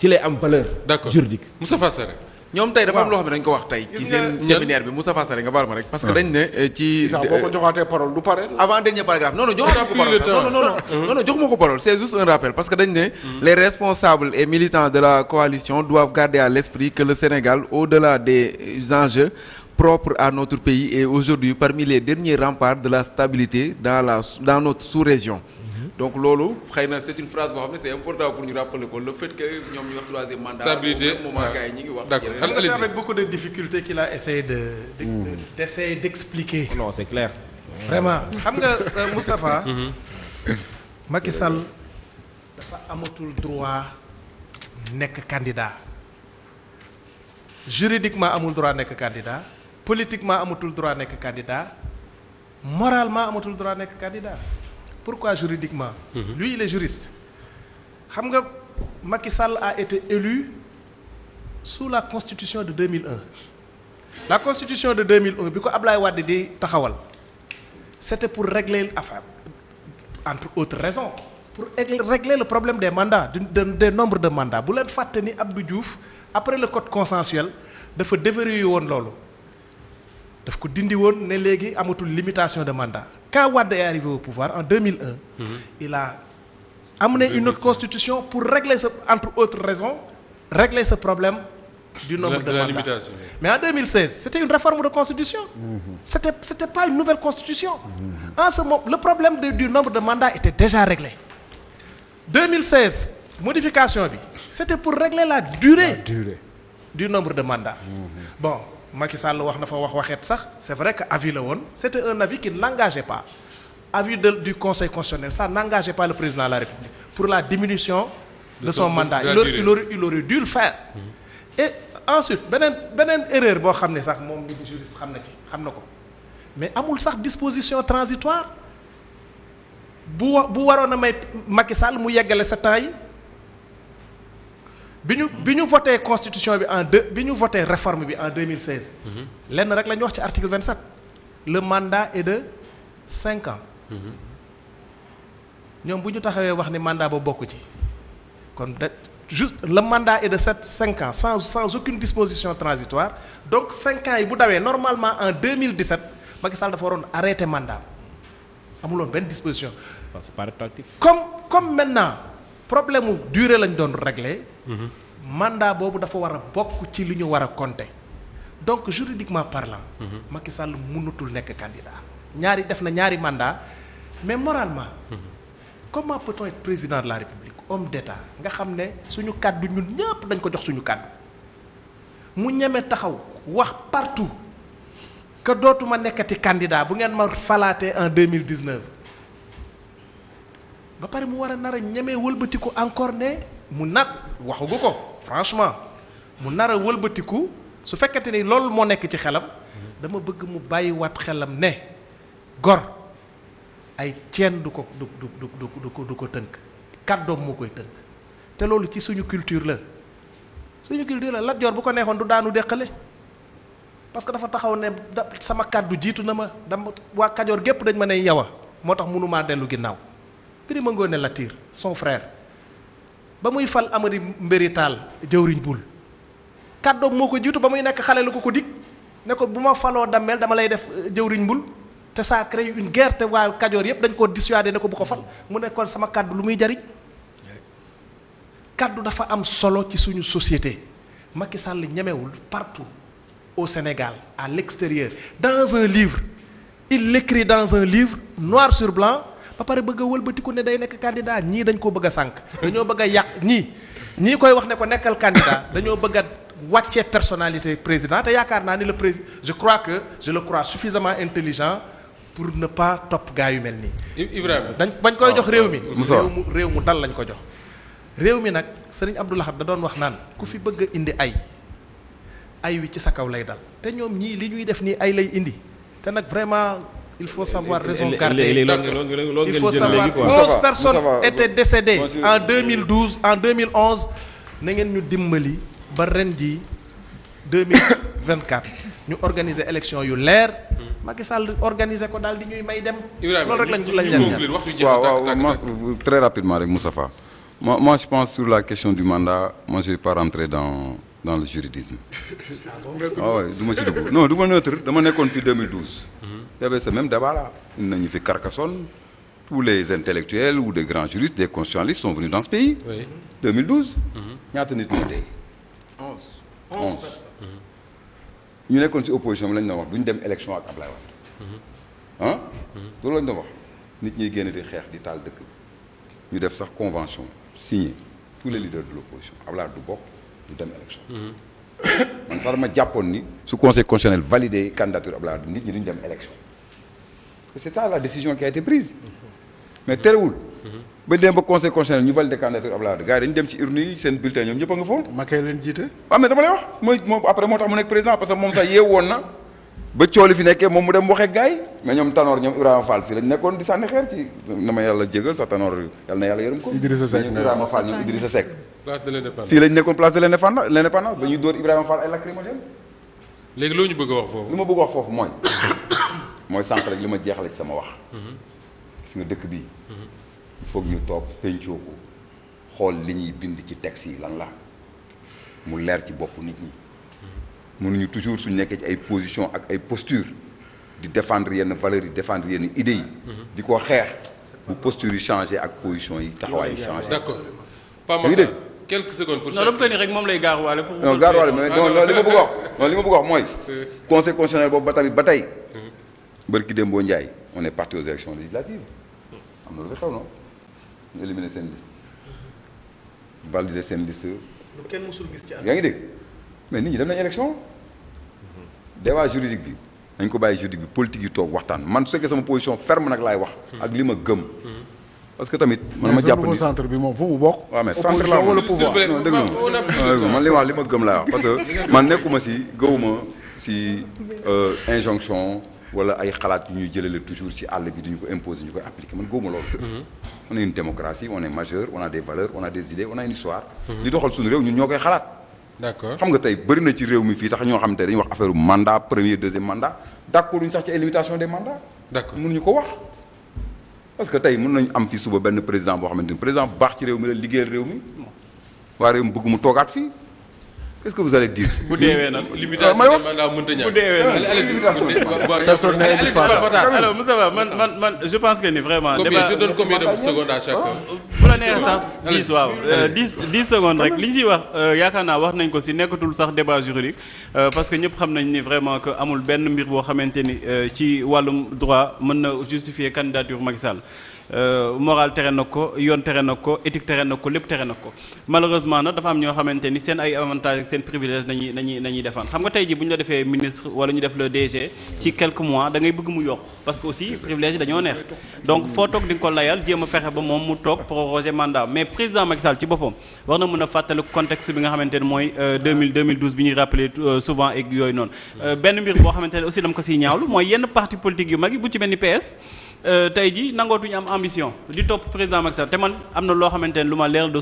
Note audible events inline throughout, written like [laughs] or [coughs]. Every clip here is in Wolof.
ci lay am valeur. juridique Moustapha Sarré ñoom tey dafa am loo xam dañ ko wax tey. ci seen séminaire bi Moustapha Sarré nga baal ma rek. parce que dañ ne eh, ci. pare. avant dernier paragraphe non non joxuma ko ah, parole non non non non joxuma ko c'est juste un rappel parce que dañ ne. Mm-hmm. les responsables et militants de la coalition doivent garder à l'esprit que le Sénégal au-delà des enjeux. propre à notre pays est aujourd'hui parmi les derniers remparts de la stabilité dans la dans notre sous-région donc loolu xëy na c'est une phrase boo xam ne c'est important pour ñu rappeler ko le fait que ñoom ñu wax troisième mandat. stabilité au moment gars yi ñu ngi wax. de difficultés qu'il a essayé de. de hmm. c'est clair. vraiment xam nga euh, Moustapha. [laughs] Mhm. Macky sal dafa amatul droit nekk candidat juridiquement amul droit nekk candidat politiquement amatul droit nekk candidat moralement amatul droit nekk pourquoi juridiquement mhm. lui il est juriste xam nga Macky Sall a été élu sous la constitution de 2001 la constitution de 2001 bi ko Ablaye Wade di taxawal c'était pour régler affaire entre autres raisons pour régler le problème des mandats des des nombre de mandats bu leen fàtte ni Abdou Diouf après le code consensuel dafa déverrouillé woon loolu daf ko dindi woon ne léegi amatul limitation de mandat quand Wade est arrivé au pouvoir en 2001. Mhm. il a amené une autre constitution pour régler ce entre autres raisons régler ce problème du nombre de, de, mais en 2016 c'était une réforme de constitution mmh. c'était c'était pas une nouvelle constitution mmh. en ce moment le problème de, du nombre de mandats était déjà réglé 2016 modification bi c'était pour régler la durée, la du nombre de mandats mhm. Macky Sall wax na fa wax waxeet sax c'est vrai que avis la woon c'était un avis qui ne l'engageait pas avis de du conseil constitutionnel ça n'engageait pas le président de la République pour la diminution de son mandat il aurait, il aurait, il aurait dû le faire mm-hmm. et ensuite beneen beneen erreur boo xam ne sax moom ñu di juriste xam na ci xam na ko mais amul sax disposition transitoire bu bu waroon a may Macky Sall mu yeggale sa ans yi bi ñu bi ñu voté constitution bi en deux bi ñu voté réforme bi en 2016. Mhm. lenn rek la ñu wax ci article 27. le mandat est de cinq ans. Mhm. ñoom bu ñu taxawee wax ni mandat ba bokk ci kon de juste le mandat est de sept cinq ans sans sans aucune disposition transitoire donc cinq ans yi bu dawee normalement en deux 2017 Macky Sall dafa waroon arrêté mandat amuloon benn disposition. parce que par comme comme maintenant problème mu durée lañ doon réglé. mandat boobu dafa war a bokk ci li ñu war a compter donc juridiquement parlant. Mhm. Macky Sall mënatul nekk candidat. ñaari def na ñaari mandat mais moralement. Mhm. comment peut-on être président de la République homme d'État nga xam ne suñu kàddu ñun ñëpp dañ ko jox suñu kàddu mu ñeme taxaw wax partout dootu ma nekkati candidat bu ngeen ma falaatee en deux mille dix-neuf ba pare mu war a nar a ñeme wëlbatiku encore ne. mu waxu waxugu ko franchement mu nar a wëlbatiku su fekkente ni loolu moo nekk ci xelam dama bëgg mu bàyyiwaat xelam ne gor ay ceen du ko du du du du ko du ko tënk kàddoom moo koy tënk te loolu ci suñu culture la suñu culture la Lat bu ko neexoon du daanu deqale parce que dafa taxaw ne da sama kàddu jiitu na ma dama waa Kajoor gépp dañ ma ne yow moo tax mënumaa dellu ginnaaw Birima ne Latiir son frère ba muy fal amari mbéri taal jëwriñ bul kàddoom moo ko jiitu ba muy nekk xale lu ko ko dig ne ko bu ma faloo dammeel dama lay def euh, jëwriñ bul te ça crée une guerre te waa kajoor yëpp dañ koo dissuadé ne ko bu ko fal mu nekkoon sama kàddu lu muy jariñ kàddu dafa am solo ci suñu société Macky Sall ñemewul partout au Sénégal à l'extérieur dans un livre il l'écrit dans un livre noir sur blanc ba pare bëgg a wëlbatiku ne day nekk candidat ñii dañ ko bëgg a sànq dañoo bëgg a yàq ñii ñii koy wax ne ko nekkal candidat dañoo bëgg a wàccee personnalité président te yaakaar naa ni le président je crois que je le crois suffisamment intelligent pour ne pas topp gaa mel nii. Ibrahima dañ bañ koy jox réew mi. Oh, réew mu réew mu dal lañ ko jox. réew mi nag sëriñ Abdou Lahad da doon wax naan ku fi bëgg indi ay ay wi ci sa kaw lay dal te ñoom ñii li ñuy def nii ay lay indi il faut savoir raison garder il faut savoir onze personnes étaient décédées en en 2011 ngeen ñu dimbali ba ren jii 2024 ñu organiser élection yu leer Macky Sall organiser ko daal di ñuy may dem loolu rek lañ lañ leen waaw waaw très rapidement rek Moustapha moi moi je pense sur la question du mandat moi je vais rentrer dans dans le juridisme. [laughs] ah, ah du ma ci dugg non du ma dama nekkoon fi 2012. Mhm. y avait ce même débat nañu fi Carcassonne tous les intellectuels ou des grands juristes des constitutionnalistes sont venus dans ce pays. oui 2012. Mhm. ñu nekkoon ci opposition bi lañ doon wax ñu dem élection ak Ablaye Wade. ah. loolu lañ doon wax nit ñi génn di xeex di taal dëkk ñu def sax convention signé tous les leaders de l' opposition Ablaye du bokk. du dem élection. Mhm. [coughs] man sax dama jàppoon ni su conseil constitutionnel validé candidature Abdoulaye Wade nit ñi duñ dem élection parce que c'est ça la décision qui a été prise mhm. mais terewul. Mhm. ba dem ba conseil constitutionnel ñu validé candidature Abdoulaye Wade gars yi dañu dem ci urne yi seen bulletin ñoom ñëpp a nga foofu. Macky leen jiite. Ah, wax mooy moom après moo mu dem waxee gars mais ñoom Tanor ñoom Ibrahima Fall fii lañ nekkoon di sànni xeer ci na ma yàlla jégal sax Tanor yàlla na yàlla place de l'indépendance fii lañ nekkoon place de l'indépendance l'indépendance ba ñuy dóor Ibrahima Fall ay lacrymogène. léegi loo ñu bëgg a wax foofu. ma bëgg a wax mooy [coughs] mooy sànq rek li ma jeexale sama wax. Mm-hmm. gis nga dëkk bi mm-hmm. foog ñu toog pencoo ko xool li ñuy bind ci texte yi lan la mu leer ci boppu nit ñi. Mm-hmm. nañu toujours suñ nekkee ci ay position ak ay posture di defendre yenn valeurs yi défendre yenn idées yi. di ko xeex bu posture yi changé ak position yi taxawaay yi changé. d'accord Pape Makhtar quelques secondes pour. non dama koy ni rek moom lay gaaruwaale pour. non gaaruwaale mais non li ma bëgg wax non li ma bëgg wax mooy. Euh. conseil constitutionnel boobu ba tamit ba tey. Barki Dembo Ndiaye on est parti aux élections législatives. am na lu fa xew noonu. seen liste. seen liste. lu kenn mësul gis ci yaa ngi dégg mais nit ñi dem nañ élection. débat juridique bi. nañ ko bàyyi juridique bi politique yi toog waxtaan man su fekkee sama position ferm nag laay wax. ak li ma gëm. parce que tamit man ma jàpp ni centre bi moom fu mu bokk. waaw mais centre la wala pouvoir non dégg nga wax li ma gëm laa wax parce que man nekkuma si gëwuma si euh, injonction wala ay xalaat yu ñuy jëlale toujours ci àll bi duñu ko imposer ñu koy appliquer man gëwuma loolu. Mm-hmm. on est une démocratie on est majeur on a des valeurs on a des idées on a une histoire. Mm-hmm. li doxal suñu réew ñun ñoo koy bëri na ci réew mi fii tax ñoo xam te dañuy wax affaire mandat premier deuxième mandat d'accord ñu sax ci ay limitation des mandats. d'accord mënuñu ko wax. parce que tey mën nañu am fi suba benn président boo xamante ni président bu baax ci réew mi la liggéeyal réew mi waa réew mi bëgg mu toogaat fii qu'est-ce que vous allez dire. bu deewee nag limitation ah, bi man man man man je pense que ni vraiment. débat je donne combien de secondes à oh, bu la neexee sax dix waaw euh, dix dix rek li ñu ciy wax euh, yaakaar naa wax nañ ko si nekkatul sax débat juridique euh, parce que ñëpp xam nañ ni vraiment que amul benn mbir boo xamante ni ci wàllum droit mën na justifier candidature Macky Sall. Euh, moral tere na ko yoon tere na ko éthique tere na ko lépp tere na ko malheureusement nag dafa am ñoo xamante ni seen ay avantages. seen privilège nañuy nañuy nañuy defaan xam nga tey ji bu ñu la defee ministre wala ñu def le DG ci quelques mois da bëgg mu yokk parce que aussi privilège dañoo neex donc foo toog di ko layal jéem fexe ba moom mu toog proroger mandat mais président Macky Sall ci boppam war na mën a fàttali contexte bi nga xamante ne mooy 2000 euh, 2012 bi ñuy rappelé euh, souvent ak yooyu noonu euh, benn mbir boo xamante ne aussi dama ko siy ñaawlu mooy yenn parti politique yu mag yi bu ci mel ni PS tey ji nangootuñu am di topp président Macky Sall te am na loo xamante ne lu ma leeral de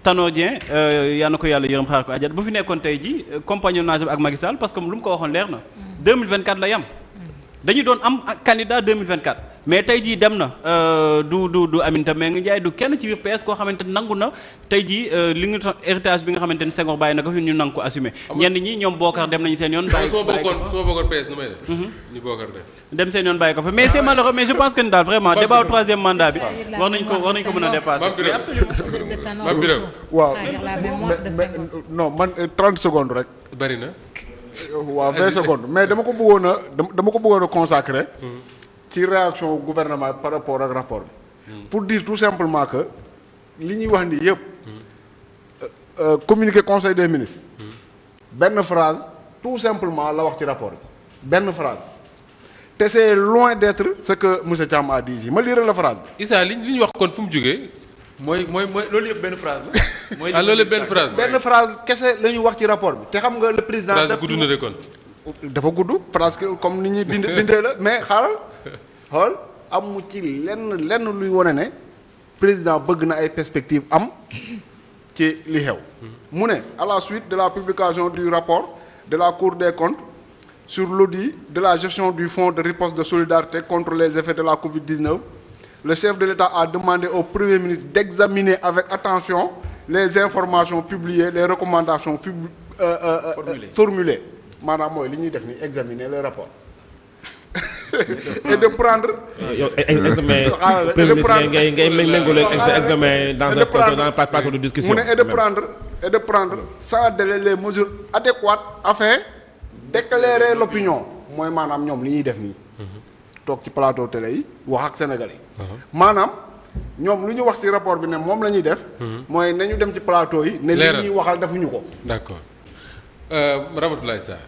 Tanor Dieng euh, yal na ko yàlla yërëm xaar ko ajat bu fi nekkoon tey ji euh, compagnonnage ak Macky parce que lu mu ko waxoon leer na 2024 mm. la yam mm. dañu doon am candidat 2024 mais tey jii dem na euh, du du du Aminata Mbengue jaay du kenn ci biir PS koo xamante ne nangu na tey ji euh, li nga tax héritage bi nga xamante ne Senghor bàyyi na ko fi ñu nangu ko assumer ñenn ñi ñoom Bokar dem nañu mhm. seen yoon. bàyyi ko fa su ma bokkoon su ko fa mais c'est malheureux mais je pense que ni daal vraiment débat troisième mandat bi. war nañ ko war nañ ko mën a dépasser. Mame Birame waaw euh, non man 30 secondes rek. bari na. waaw 20 secondes mais dama ko bëggoon a dama ko bëggoon a ci réaction gouvernement par rapport ak rapport bi. Hmm. pour dire tout simplement que li ñuy wax nii yëpp. Euh, euh, communiqué conseil des ministres. Hmm. benn phrase tout simplement la wax ci rapport bi benn phrase. te c'est loin d'être ce que monsieur Thiam a dit ici ma lire la phrase bi. Issa li li ñu wax kon fu mu jógee. mooy mooy mooy loolu yëpp benn phrase la. [laughs] mooy ah, loolu yëpp benn phrase benn phrase kese la ñuy wax ci rapport bi te xam nga le président. phrase gudd na de kon. dafa gudd France comme ni ñuy bind bindee la mais xaaral am mu ci lenn lenn luy wane ne président bëgg na ay perspective am ci li xew. mu ne à la suite de la publication du rapport de la Cour des comptes sur l'audit de la gestion du fonds de riposte de solidarité contre les effets de la Covid-19 le chef de l'État a demandé au Premier ministre d'examiner avec attention les informations publiées les recommandations euh, euh, euh, formulées. formulées. maanaam mooy li ñuy def nii examiner le rapport. [laughs] et de prendre. Ah, yow eh, eh, examen [laughs] ah, premier ngay ngay méngale examen dans un projet dans un plateau de discussion. mu ne et de prendre et de prendre sans délai les mesures adéquates afin d'éclairer l'opinion mooy maanaam ñoom li ñuy def nii. Mm-hmm. toog ci plateau télé yi wax ak sénégal yi. Mm-hmm. maanaam ñoom lu ñu wax ci rapport bi ne moom la ñuy def. Mm-hmm. mooy nañu dem ci plateau yi. ne li ñuy waxal defuñu ko. d'accord. Euh, Ramatoulaye Sarr.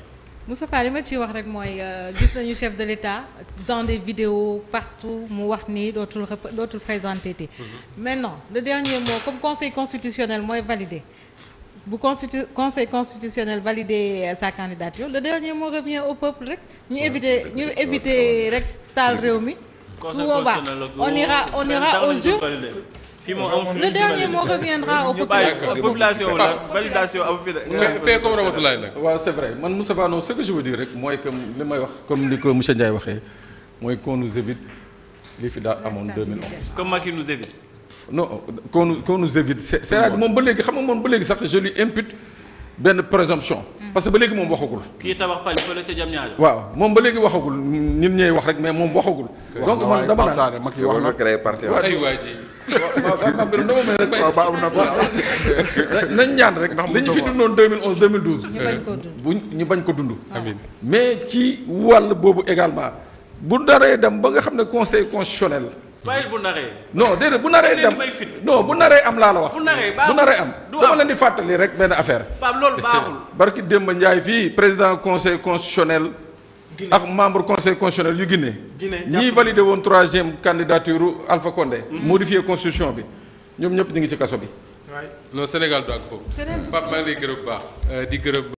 Moustapha li ma ci wax rek mooy euh, gis nañu chef de l'État dans des vidéos partout mu wax ni dootul dootul présenté mais mhm. maintenant le dernier mot comme conseil constitutionnel mooy validé bu constitu conseil constitutionnel validé euh, sa candidature le dernier moo revient au peuple rek. ñu éviter ñu éviter rek taal réew mi. su boobaa on ira on ira aux urnes. fii moom amul le dernier mot reviendra au population la ah, validation amu fi de. fee comme Ramatoulaye nag. waaw c'est vrai man Moussa Vano ce que je veux dire rek mooy que li may wax comme ni ko monsieur Ndiaye waxee mooy qu'on nous évite li fi daal amoon 2011. comme Macky nous évite. non qu'on nous qu'on nous évite c'est c'est moom ba léegi xam nga moom ba léegi sax je lui impute benn présomption. Mm. parce que ba léegi moom waxagul. kii tabax pali fële ca Diamniadio. waaw moom ba léegi waxagul ñun ñooy wax rek mais moom waxagul. donc man dama naan wax na créé parti. aywa ji. waaw waaw Pape Birame dama mel rek. nañ ñaan rek. ndax li ñu fi dundoon 2011 2012. ñu bañ ko dund buñ ñu bañ ko dund. amiin mais ci wàll boobu également bu daree dem ba nga xam ne conseil constitutionnel. bàyyil bu naree. non déedéet bu naree dem non bu naree am laa la wax. bu naree bu naree am. dama leen di fàttali rek benn affaire. Pape loolu baaxul. [laughs] barki démb Ndiaye fii président conseil constitutionnel. ak membre conseil constitutionnel yu Guinée. Guinée ñiy validé woon troisième candidature Alpha Condé. Mhm. modifié constitution bi ñoom ñëpp ñu ngi ci kaso bi. waay non Sénégal du ak foofu. baax euh, di gërëm.